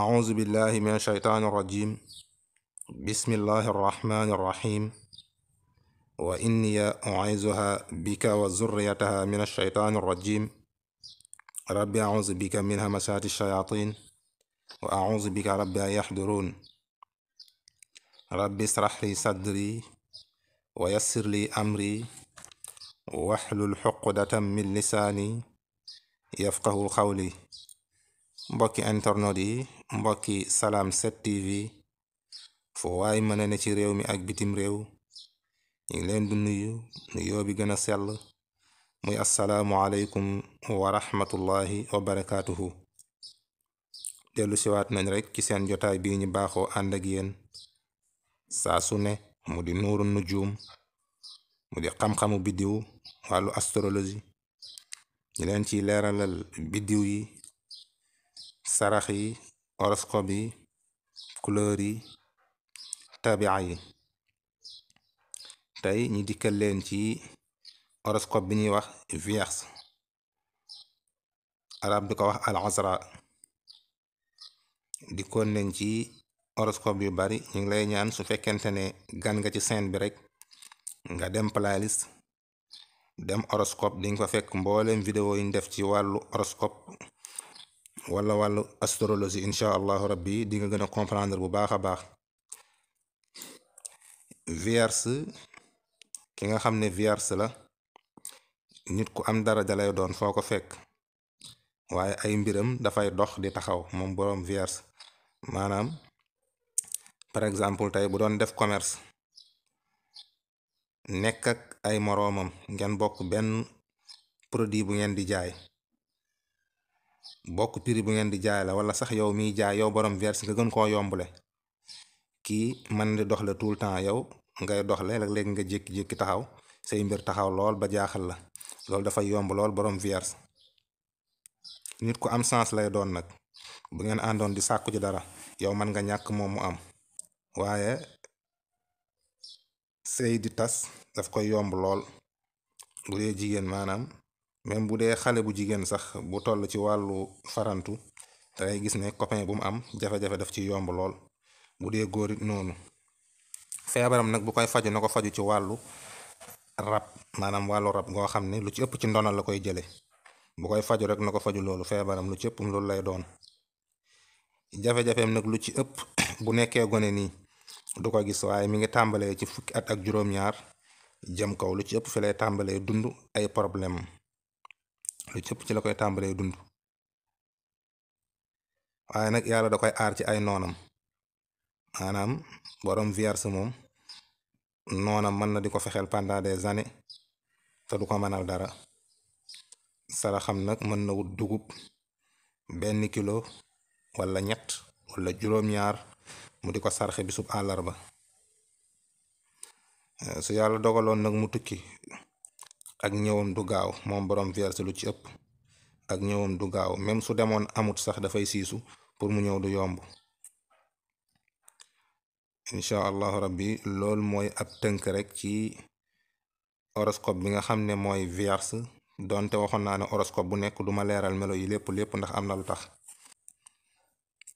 أعوذ بالله من الشيطان الرجيم بسم الله الرحمن الرحيم وإني أعيذها بك وذريتها من الشيطان الرجيم ربي أعوذ بك من همسات الشياطين وأعوذ بك ربي أن يحضرون ربي اشرح لي صدري ويسر لي أمري واحلل عقدة من لساني يفقه قولي mbokki internet yi mbokki Salam 7 TV foo waay mën a ne ci réew mi ak bitim réew ñu ngi leen di nuyu nuyoo bi gën a sell muy asalaamualeykum wa rahmatullahi wa barakaatuhu dellu siwaat nañ rek ci seen jotaay bii ñu baaxoo ànd ak yéen saa su ne mu di nuuru nujum mu di xam-xamu biddiw wàllu astrologie ñu leen ci leeralal biddiw yi sarax yi horoscope yi couleur yi tabia yi tey ñi dikkal leen ci horoscope bi ñuy wax vierge arab di ko wax al azra dikkoon leen ci horoscope yu bari ñu ngi lay ñaan su fekkente ne gan nga ci scène bi rek nga dem playlist dem horoscope di nga fa fekk mbooleem vidéo yi ñu def ci wàllu horoscope wala wàllu astrologie incha allahu rabbi di nga gën a comprendre bu baax a baax vierge ki nga xam ne vierge la nit ku am dara dalay doon foo ko fekk waaye ay mbiram dafay dox di taxaw moom boroom vierge maanaam par exemple tey bu doon def commerce nekk ak ay moroomam ngeen bokk benn produit bu ngeen di jaay bokk prix bu ngeen di jaay la wala sax yow miy jaay yow borom verse nga gën koo yombule kii man di doxle tout le temps yow ngay doxle rek léegi nga jékki-jékki taxaw say mbir taxaw lool ba jaaxal la loolu dafay yomb lool borom verse nit ku am sens lay doon nag bu ngeen àndoon di sàkku ci dara yow man nga ñàkk moom mu am waaye sëy di tas daf koy yomb lool bu dee jigéen maanaam même bu dee xale bu jigéen sax bu toll ci wàllu farantu da ngay gis ne copain bu mu am jafe-jafe daf ci yomb lool bu dee góor it noonu feebaram nag bu koy faju na ko faju ci wàllu rab maanaam wàllu rab goo xam ne lu ci ëpp ci ndono la koy jële bu koy faju rek na ko faju loolu feebaram lu ci ëpp loolu lay doon jafe-jafeem nag lu ci ëpp bu nekkee gone nii du ko gis waaye mi ngi tàmbalee ci fukki at ak juróom-ñaar jëm kaw lu ci ëpp fi tàmbalee dund ay problème lu cëpp ci la koy tàmbalee dund waaye nag yàlla da koy aar ci ay noonam maanaam borom vierge moom noonam mën na di ko fexeel pendant des années te du ko mënal dara saraxam nag mën na wut dugub benn kilo wala ñett wala juróom-ñaar mu di ko sarxe bisub àllarba eh, su yàlla dogaloon nag mu tukki ak ñëwam du gaaw moom borom vierge lu ci ëpp ak ñëwam du gaaw même su demoon amut sax dafay siisu pour mu ñëw du yomb incha allahu rabbi loolu mooy ab tënk rek ci horoscope bi nga xam ne mooy vierge donte waxoon naa ne horoscope bu nekk duma leeral melo yi lépp lépp ndax am na lu tax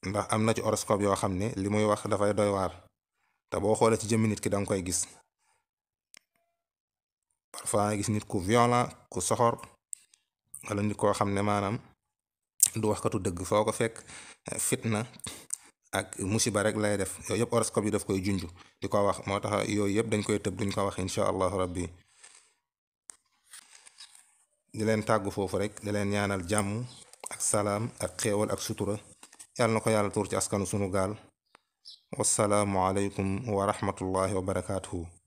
ndax am na ci horoscope yoo xam ne li muy wax dafay doy waar te boo xoolee ci jëmmi nit ki danga koy gis fois nga gis nit ku violent ku soxor wala nit koo xam ne maanaam du waxkatu dëgg foo ko fekk fitna ak musiba rek lay def yooyu yëpp horoscope yi daf koy junj di ko wax moo tax yooyu yëpp dañ koy tëb duñ ko wax incha allahu rabbi di leen tàggu foofu rek di leen ñaanal jàmm ak salaam ak xéewal ak sutura yàlla na ko yàlla tuur ci askanu sunu gaal wasalaamu aleykum wa rahmatullahi wa barakaatuhu